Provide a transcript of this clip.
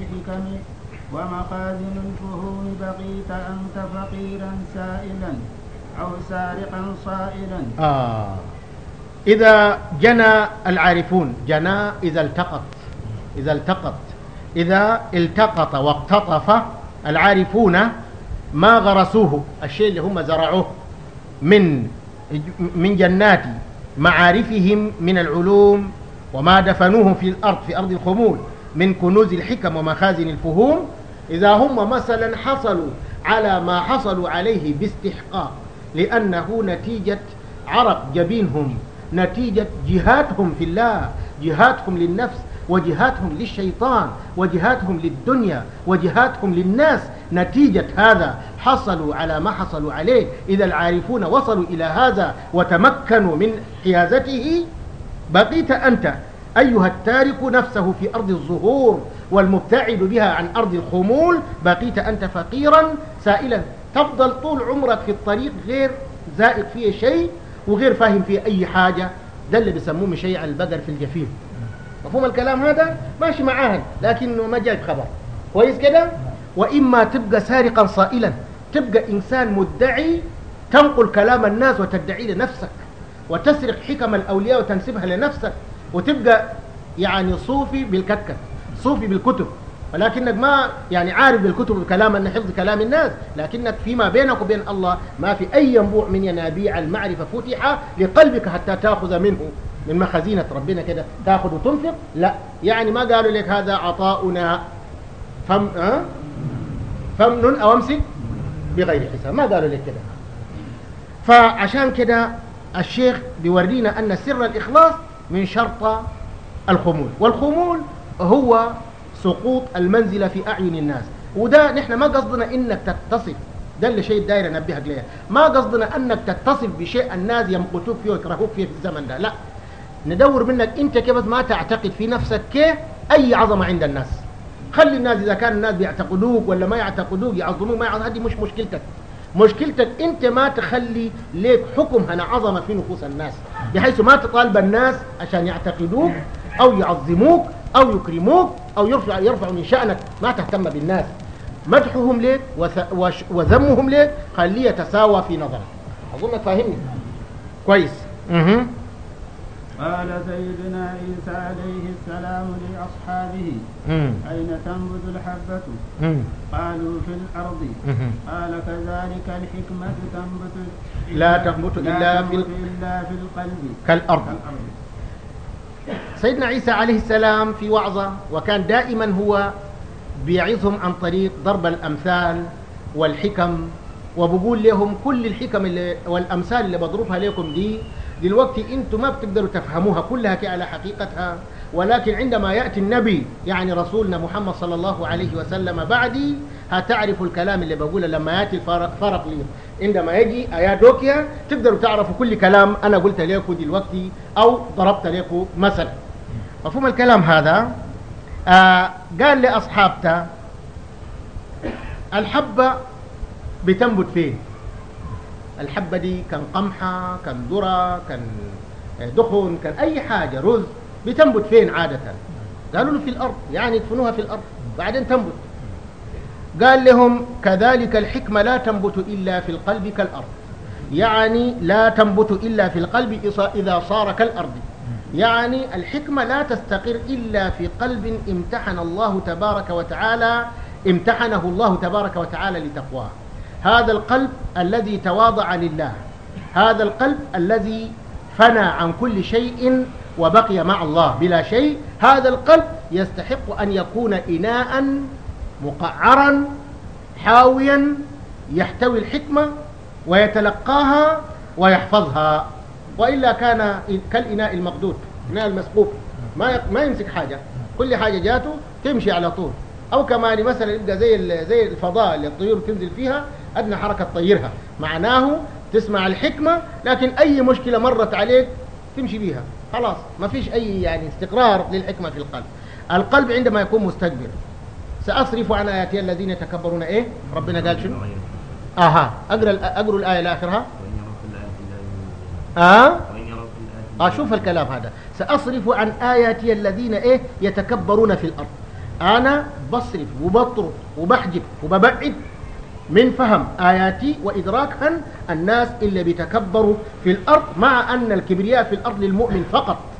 بحكم ومخازن الفهوم بقيت أنت فقيرا سائلا أو سارقا صائلا آه إذا جنى العارفون جنى إذا التقط إذا التقط إذا التقط واقتطف العارفون ما غرسوه الشيء اللي هم زرعوه من من جنات معارفهم من العلوم وما دفنوه في الأرض في أرض الخمول من كنوز الحكم ومخازن الفهوم إذا هم مثلا حصلوا على ما حصلوا عليه باستحقاق لأنه نتيجة عرق جبينهم نتيجة جهاتهم في الله جهاتهم للنفس وجهاتهم للشيطان وجهاتهم للدنيا وجهاتهم للناس نتيجة هذا حصلوا على ما حصلوا عليه إذا العارفون وصلوا إلى هذا وتمكنوا من حيازته بقيت أنت أيها التارك نفسه في أرض الظهور والمبتعد بها عن أرض الخمول بقيت أنت فقيرا سائلا تفضل طول عمرك في الطريق غير زائد فيه شيء وغير فاهم فيه أي حاجة ده اللي بيسموه مشيع البقر في الجفين مفهوم الكلام هذا ماشي معاه لكنه ما جايب خبر كويس كده وإما تبقى سارقا صائلا تبقى إنسان مدعي تنقل كلام الناس وتدعي لنفسك وتسرق حكم الأولياء وتنسبها لنفسك وتبقى يعني صوفي بالكتكت صوفي بالكتب ولكنك ما يعني عارف بالكتب وكلام ان حفظ كلام الناس لكنك فيما بينك وبين الله ما في اي ينبوع من ينابيع المعرفه فتح لقلبك حتى تاخذ منه من مخزينه ربنا كده تاخذ وتنفق لا يعني ما قالوا لك هذا عطاؤنا فم أه؟ فمن او امسك بغير حساب ما قالوا لك كده فعشان كده الشيخ بيورينا ان سر الاخلاص من شرط الخمول والخمول هو سقوط المنزلة في أعين الناس وده نحن ما قصدنا إنك تتصف ده اللي شيء داير انبهك ليه ما قصدنا انك تتصف بشيء الناس يمقتوك فيه ويكرهوك فيه في الزمن ده لا ندور منك انت كيف ما تعتقد في نفسك كيف اي عظمه عند الناس خلي الناس اذا كان الناس بيعتقدوك ولا ما يعتقدوك يعظموك ما يعظموك هذه مش مشكلتك مشكلتك انت ما تخلي ليك حكم هنا عظمه في نفوس الناس بحيث ما تطالب الناس عشان يعتقدوك أو يعظموك أو يكرموك أو يرفع, يرفع من شأنك ما تهتم بالناس مدحهم ليك وذمهم ليك خليه يتساوى في نظرك أظنك فاهمني كويس قال سيدنا عيسى عليه السلام لأصحابه أين تنبت الحبة قالوا في الأرض قال كذلك الحكمة تنبت لا تنبت إلا, إلا في القلب كالأرض, كالأرض. سيدنا عيسى عليه السلام في وعظه وكان دائما هو بيعظهم عن طريق ضرب الأمثال والحكم وبقول لهم كل الحكم اللي والأمثال اللي بضربها لكم دي دلوقتي انتم ما بتقدروا تفهموها كلها على حقيقتها ولكن عندما يأتي النبي يعني رسولنا محمد صلى الله عليه وسلم بعدي هتعرفوا الكلام اللي بقوله لما يأتي فرق لي عندما يجي آيات روكيا تقدروا تعرفوا كل كلام أنا قلت لكم دلوقتي أو ضربت لكم مثلا مفهوم الكلام هذا آه قال لأصحابته الحبة بتنبت فين الحبة دي كان قمحة كان ذرة كان آه، دخن كان أي حاجة رز بتنبت فين عادة قالوا له في الأرض يعني يدفنوها في الأرض بعدين تنبت قال لهم كذلك الحكمة لا تنبت إلا في القلب كالأرض يعني لا تنبت إلا في القلب إذا صار كالأرض يعني الحكمة لا تستقر إلا في قلب امتحن الله تبارك وتعالى امتحنه الله تبارك وتعالى لتقواه هذا القلب الذي تواضع لله هذا القلب الذي فنى عن كل شيء وبقي مع الله بلا شيء هذا القلب يستحق أن يكون إناء مقعرا حاويا يحتوي الحكمة ويتلقاها ويحفظها وإلا كان كالإناء المقدود إناء المسقوب ما ما يمسك حاجة كل حاجة جاته تمشي على طول أو كما مثلا يبقى زي زي الفضاء اللي الطيور تنزل فيها أدنى حركة تطيرها معناه تسمع الحكمة لكن أي مشكلة مرت عليك تمشي بيها خلاص ما فيش أي يعني استقرار للحكمة في القلب القلب عندما يكون مستكبر سأصرف عن آياتي الذين يتكبرون إيه ربنا قال شنو أها أقرأ أقرأ الآية لآخرها آه أشوف الكلام هذا سأصرف عن آياتي الذين إيه يتكبرون في الأرض أنا بصرف وبطرد وبحجب وببعد من فهم آياتي وإدراك أن الناس إلا بيتكبروا في الأرض مع أن الكبرياء في الأرض للمؤمن فقط